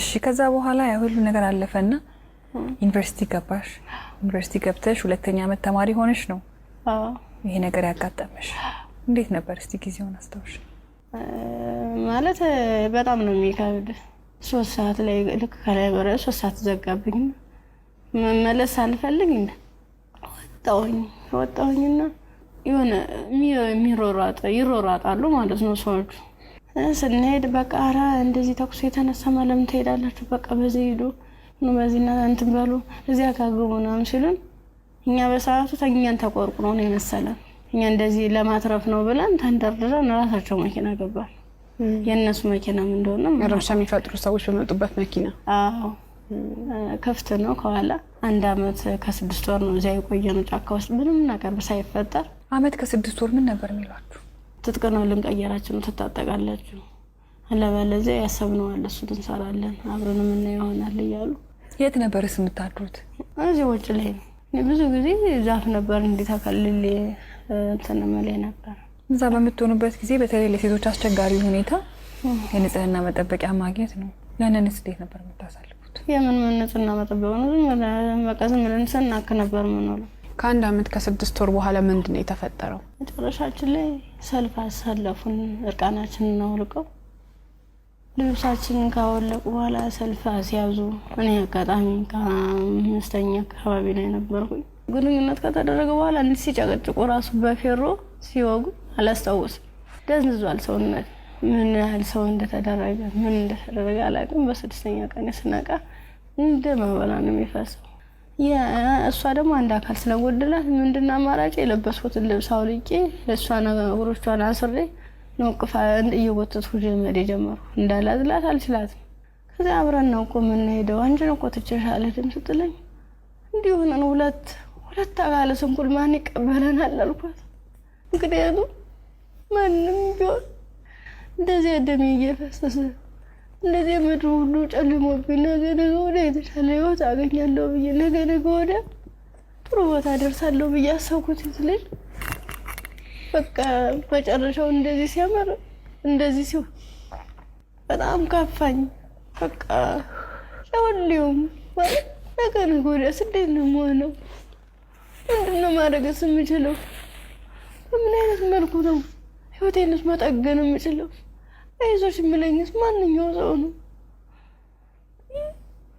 እሺ ከዛ በኋላ ያ ሁሉ ነገር አለፈና ዩኒቨርሲቲ ገባሽ። ዩኒቨርሲቲ ገብተሽ ሁለተኛ አመት ተማሪ ሆነሽ ነው ይሄ ነገር ያጋጠመሽ። እንዴት ነበር እስቲ ጊዜውን አስታውሽ? ማለት በጣም ነው የሚከብድ። ሶስት ሰዓት ላይ ልክ ከላይ በረ ሶስት ሰዓት ዘጋብኝ። መመለስ አልፈልግ ወጣሁኝ። ወጣሁኝና የሆነ የሚሮሯጥ ይሮሯጣሉ ማለት ነው ሰዎቹ ስንሄድ በቃ ኧረ እንደዚህ ተኩስ የተነሳ ማለም ትሄዳላችሁ? በቃ በዚህ ሂዱ በዚህና እንትን በሉ እዚያ ካግቡ ምናምን ሲሉን እኛ በሰዓቱ ተኛን ተቆርቁ ነው የመሰለን እኛ እንደዚህ ለማትረፍ ነው ብለን ተንደርድረን ራሳቸው መኪና ገባል። የእነሱ መኪናም እንደሆነ ረብሻ የሚፈጥሩ ሰዎች በመጡበት መኪና አዎ ክፍት ነው ከኋላ። አንድ አመት ከስድስት ወር ነው እዚያ የቆየ ነው ጫካ ውስጥ ምንም ነገር ሳይፈጠር። አመት ከስድስት ወር ምን ነበር የሚሏችሁ? ትጥቅ ነው ልንቀየራችሁ ትታጠቃላችሁ፣ አለበለዚያ ያሰብነዋል እሱን እንሰራለን አብረን ምን ይሆናል እያሉ። የት ነበርስ የምታድሩት? እዚህ ውጭ ላይ ነው። ብዙ ጊዜ ዛፍ ነበር እንዲተከልል እንትን ነበር። እዛ በምትሆኑበት ጊዜ በተለይ ለሴቶች አስቸጋሪ ሁኔታ የንጽህና መጠበቂያ ማግኘት ነው። ያንን እንዴት ነበር የምታሳልፉት? የምን ምን ንጽህና መጠበቅ ነው? ዝም በቃ ዝም ብለን ስናክ ነበር ምንውለው ከአንድ አመት ከስድስት ወር በኋላ ምንድን ነው የተፈጠረው? መጨረሻችን ላይ ሰልፍ አሳለፉን። እርቃናችንን እናውልቀው ልብሳችንን ካወለቁ በኋላ ሰልፍ አስያዙ። እኔ አጋጣሚ ከአምስተኛ አካባቢ ላይ ነበርኩ ግንኙነት ከተደረገ በኋላ እንዲህ ሲጨቀጭቁ ራሱ በፌሮ ሲወጉ አላስታውስም። ደንዝዟል ሰውነት። ምን ያህል ሰው እንደተደረገ ምን እንደተደረገ አላውቅም። በስድስተኛ ቀን ስነቃ እንደ መበላ ነው የሚፈሰው እሷ ደግሞ አንድ አካል ስለጎደላት ምንድን አማራጭ የለበስኩትን ልብስ አውልቄ ለእሷ ነገሮቿን አስሬ ነው ቅፋ እየጎተትኩ መሄድ የጀመርኩ እንዳላዝላት አልችላትም። ከዚያ አብረን ነው እኮ የምንሄደው አንቺን እኮ ትችሻለሽ ድምፅ ስትለኝ እንዲህ ሆነን ሁለት ሁለት አካለ ስንኩል ማን ይቀበለናል አልኳት። ምክንያቱም ማንም ቢሆን እንደዚያ ደሜ እየፈሰሰ እንደዚህ ምድሩ ሁሉ ጨልሞብኝ ነገ ነገ ወዲያ የተሻለ ህይወት አገኛለሁ ብዬ ነገ ነገ ወዲያ ጥሩ ቦታ ደርሳለሁ ብዬ አሰብኩት ልጅ በቃ መጨረሻው እንደዚህ ሲያምር እንደዚህ ሲሆን በጣም ካፋኝ። በቃ ለወሊውም ማለት ነገ ነገ ወዲያ ስደት ነው የምሆነው። ምንድን ነው ማድረግስ የምችለው? በምን አይነት መልኩ ነው ህይወቴንስ መጠገን የምችለው? አይዞሽ የሚለኝስ ማንኛው ሰው ነው?